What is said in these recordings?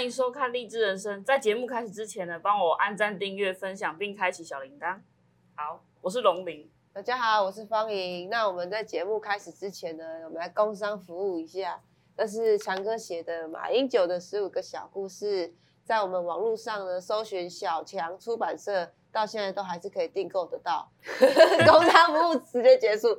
歡迎收看《荔枝人生》。在節目開始之前呢，幫我按讚、訂閱、分享，並開啟小鈴鐺。好，我是龍林。大家好，我是方瑩。那我們在節目開始之前呢，我們來工商服務一下。這是強哥寫的《馬英九的十五個小故事》。在我們網絡上呢，搜尋，小強出版社到現在都還是可以訂購得到。工 商服務直接結束。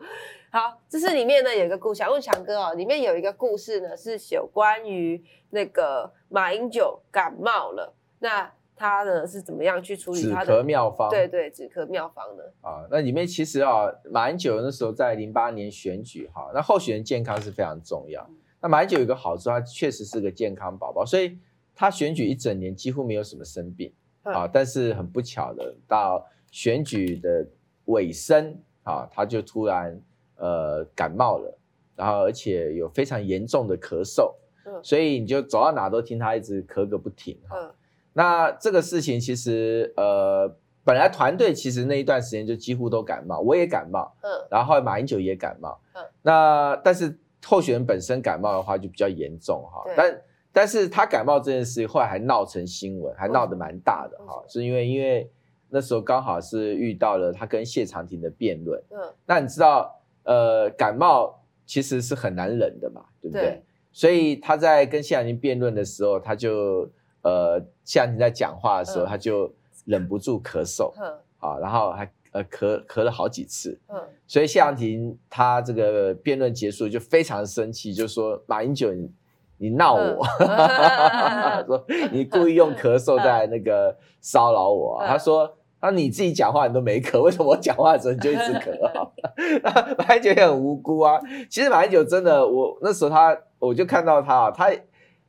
好，這是裡面呢有一個故事。想問強哥哦，裡面有一個故事呢，是有關於那個馬英九感冒了，那他呢是怎麼樣去處理他的止咳妙方。對對，止咳妙方呢？啊，那裡面其實啊，馬英九那時候在零八年選舉哈，那候選人健康是非常重要，嗯。那馬英九有一個好處，他確實是個健康寶寶，所以。他選舉一整年幾乎沒有什麼生病、嗯、啊，但是很不巧的，到選舉的尾聲啊，他就突然呃感冒了，然後而且有非常嚴重的咳嗽，嗯、所以你就走到哪都聽他一直咳個不停哈、嗯。那這個事情其實呃，本來團隊其實那一段時間就幾乎都感冒，我也感冒，嗯，然後馬英九也感冒，嗯嗯、那但是候選人本身感冒的話就比較嚴重、嗯、哈，但。但是他感冒這件事後來還鬧成新聞，還鬧得蠻大的哈、哦哦，是因為因為那時候剛好是遇到了他跟謝長廷的辯論。嗯。那你知道，呃，感冒其實是很難忍的嘛，對不對？對。所以他在跟謝長廷辯論的時候，他就呃，謝長廷在講話的時候、嗯，他就忍不住咳嗽。嗯。啊、然後還呃咳咳了好幾次。嗯。所以謝長廷他這個辯論結束就非常生氣，就說馬英九，你鬧我、嗯， 說你故意用咳嗽在那個騷擾我、啊嗯。他說：“那你自己講話你都沒咳，為什麼我講話的時候你就一直咳、啊？”馬英、嗯、九 也很無辜啊。其實馬英九真的，我那時候他，我就看到他，啊，他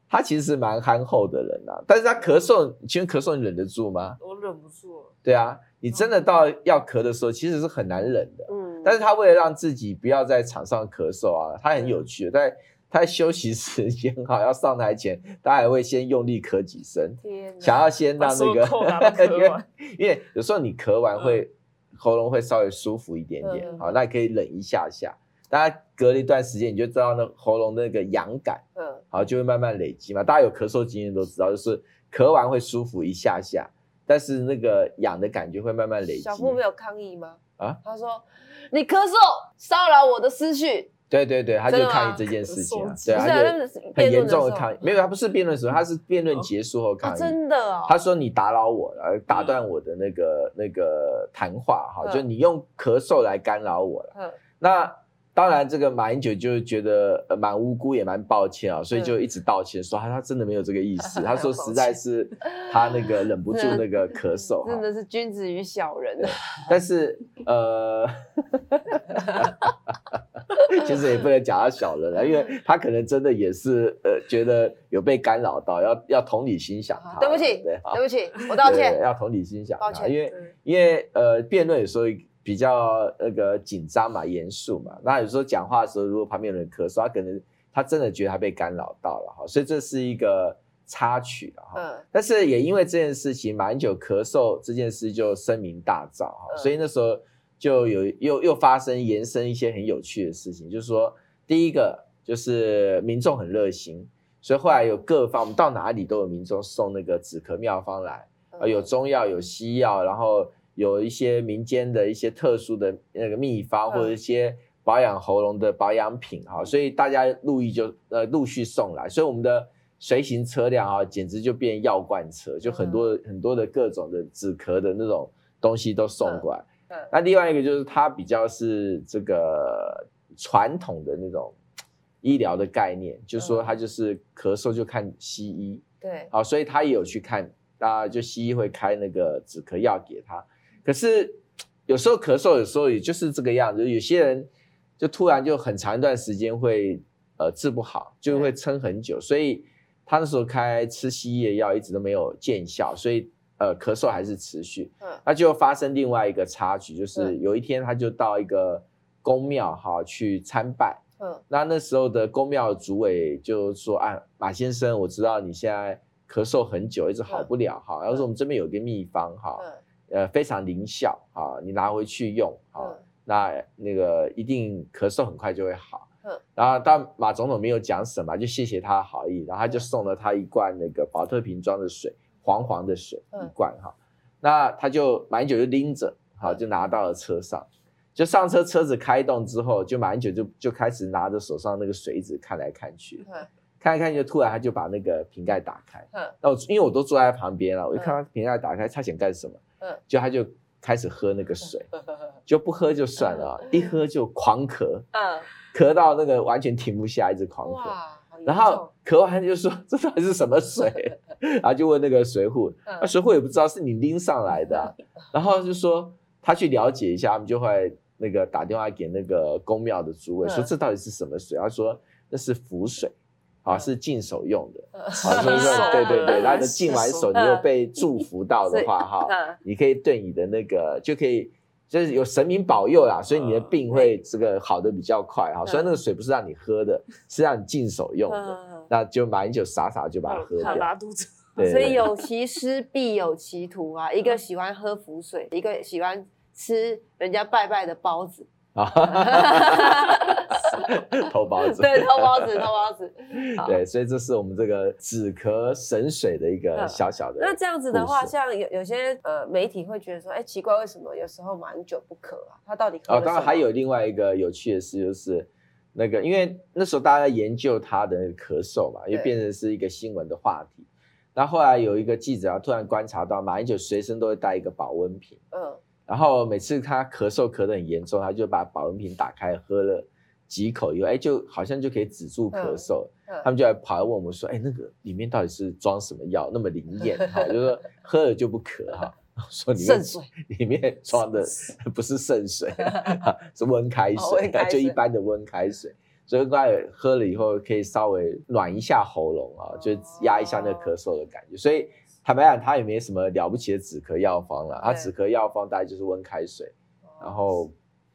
他其實是蠻憨厚的人吶、啊。但是他咳嗽，其實咳嗽你忍得住嗎？我忍不住。對啊，你真的到要咳的時候，其實是很難忍的。嗯。但是他為了讓自己不要在場上咳嗽啊，他很有趣的在。嗯他休息時間好，要上台前，他還會先用力咳幾聲，想要先讓那個讓咳完 因為，因為有時候你咳完會、嗯、喉嚨會稍微舒服一點點，嗯嗯好，那你可以忍一下下。大家隔了一段時間，你就知道那喉嚨那個癢感、嗯，好，就會慢慢累積嘛。大家有咳嗽經驗都知道，就是咳完會舒服一下下，但是那個癢的感覺會慢慢累積。小木沒有抗議嗎？啊，他說你咳嗽騷擾我的思緒。對對對、啊，他就抗議這件事情，啊。對，他就很嚴重的抗議的，沒有，他不是辯論時候，他是辯論結束後抗議，哦啊、真的、哦，他說你打擾我了，打斷我的那個、嗯、那個談話哈、嗯，就你用咳嗽來干擾我了、嗯，那。當然，這個馬英九就覺得蠻無辜，也蠻抱歉啊，所以就一直道歉，說他他真的沒有這個意思。他、嗯、說實在是他那個忍不住那個咳嗽、啊啊。真的是君子與小人。但是呃， 其實也不能講他小人了，因為他可能真的也是呃覺得有被干擾到，要要同理心想他。對不起，對對不起，我道歉。要同理心想他，抱歉因為、嗯、因為呃辯論所以。比較那個緊張嘛，嚴肅嘛。那有時候講話的時候，如果旁邊有人咳嗽，他可能他真的覺得他被干擾到了哈。所以這是一個插曲。嗯。但是也因為這件事情，馬英九咳嗽這件事就聲名大噪哈。所以那時候就有又又發生延伸一些很有趣的事情，就是說，第一個就是民眾很熱心，所以後來有各方，我們到哪裡都有民眾送那個止咳妙方來，有中藥有西藥，然後。有一些民間的一些特殊的那個秘方，或者一些保養喉嚨的保養品哈、嗯哦，所以大家陸續就呃陸續送來，所以我們的隨行車輛啊、嗯，簡直就變藥罐車，就很多、嗯、很多的各種的止咳的那種東西都送過來。那、嗯嗯、另外一個就是他比較是這個傳統的那種醫療的概念，就說他就是咳嗽就看西醫，嗯、對，好、哦，所以他也有去看，大家就西醫會開那個止咳藥給他。可是有時候咳嗽，有時候也就是這個樣子。有些人就突然就很長一段時間會呃治不好，就會撐很久、嗯。所以他那時候開吃西醫的藥一直都沒有見效，所以呃咳嗽還是持續。嗯。那就發生另外一個插曲，就是有一天他就到一個宮廟哈去參拜。嗯。那那時候的宮廟主委就說：“啊，馬先生，我知道你現在咳嗽很久，一直好不了哈。要、嗯、說我們這邊有個秘方哈。”嗯。呃，非常靈效啊！你拿回去用啊、嗯，那那個一定咳嗽很快就會好。嗯、然後，但馬總統沒有講什麼，就謝謝他的好意，然後他就送了他一罐那個寶特瓶裝的水，黃黃的水、嗯、一罐哈、啊。那他就蠻久就拎着，好、啊、就拿到了車上，就上車，車子開動之後，就蠻久就就開始拿着手上那個水紙看來看去。嗯嗯看一看，就突然他就把那個瓶蓋打開。嗯。那我因為我都坐在旁邊了，我一看他瓶蓋打開，他想幹什麼？嗯。就他就開始喝那個水，就不喝就算了、嗯，一喝就狂咳。嗯。咳到那個完全停不下，一直狂咳。然後咳完就說、嗯、這到底是什麼水、嗯？然後就問那個水戶，那、嗯啊、水戶也不知道是你拎上來的、啊，然後就說他去了解一下，他們就會那個打電話給那個宮廟的主委，說這到底是什麼水？他說那是符水。啊、哦，是淨手用的、 哦，是是說手，對對對，然後淨完手，你又被祝福到的話，哈、啊哦，你可以對你的那個，就可以就是有神明保佑啦、嗯，所以你的病會這個好得比較快哈。所、啊、以、哦、那個水不是讓你喝的，嗯、是讓你淨手用的，嗯、那就馬英九傻傻就把它喝了，拉肚子。對對對，所以有其師必有其徒啊， 一個喜歡喝符水、啊，一個喜歡吃人家拜拜的包子啊。 偷 投包，子笑包子，對，偷包子偷包子，對，所以這是我們這個止咳神水的一個小小的、嗯。那這樣子的話，像有有些呃媒體會覺得說，哎、欸，奇怪，為什麼有時候馬英九不咳啊？他到底哦，當然還有另外一個有趣的事，就是那個，因為那時候大家在研究他的咳嗽嘛，又變成是一個新聞的話題。那後，後來有一個記者啊，突然觀察到馬英九隨身都會帶一個保溫瓶，嗯，然後每次他咳嗽咳的很嚴重，他就把保溫瓶打開喝了。幾口以後，哎、欸，就好像就可以止住咳嗽。嗯、他們就來跑來問我們說：“哎、嗯欸，那個裡面到底是裝什麼藥那麼靈驗？哈， 就說喝了就不咳哈。 ”我說：“裡面裡面裝的不是滲水， 啊、是溫開水，哦溫開水啊，就一般的溫開水，嗯。所以大概喝了以後可以稍微暖一下喉嚨啊，就壓一下那個咳嗽的感覺。哦、所以坦白講，它也沒什麼了不起的止咳藥方啦。它止咳藥方大概就是溫開水，哦，然後。”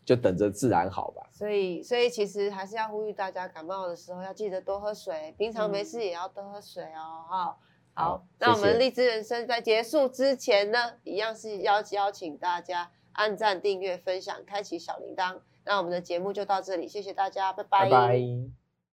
就等着自然好吧。所以，所以其實還是要呼籲大家，感冒的時候要記得多喝水，平常沒事也要多喝水哦。嗯、哦好，好、嗯，那我們的荔枝人生在結束之前呢，一樣是邀邀請大家按讚、訂閱、分享、開啟小鈴鐺。那我們的節目就到這裡，謝謝大家，拜拜。拜拜。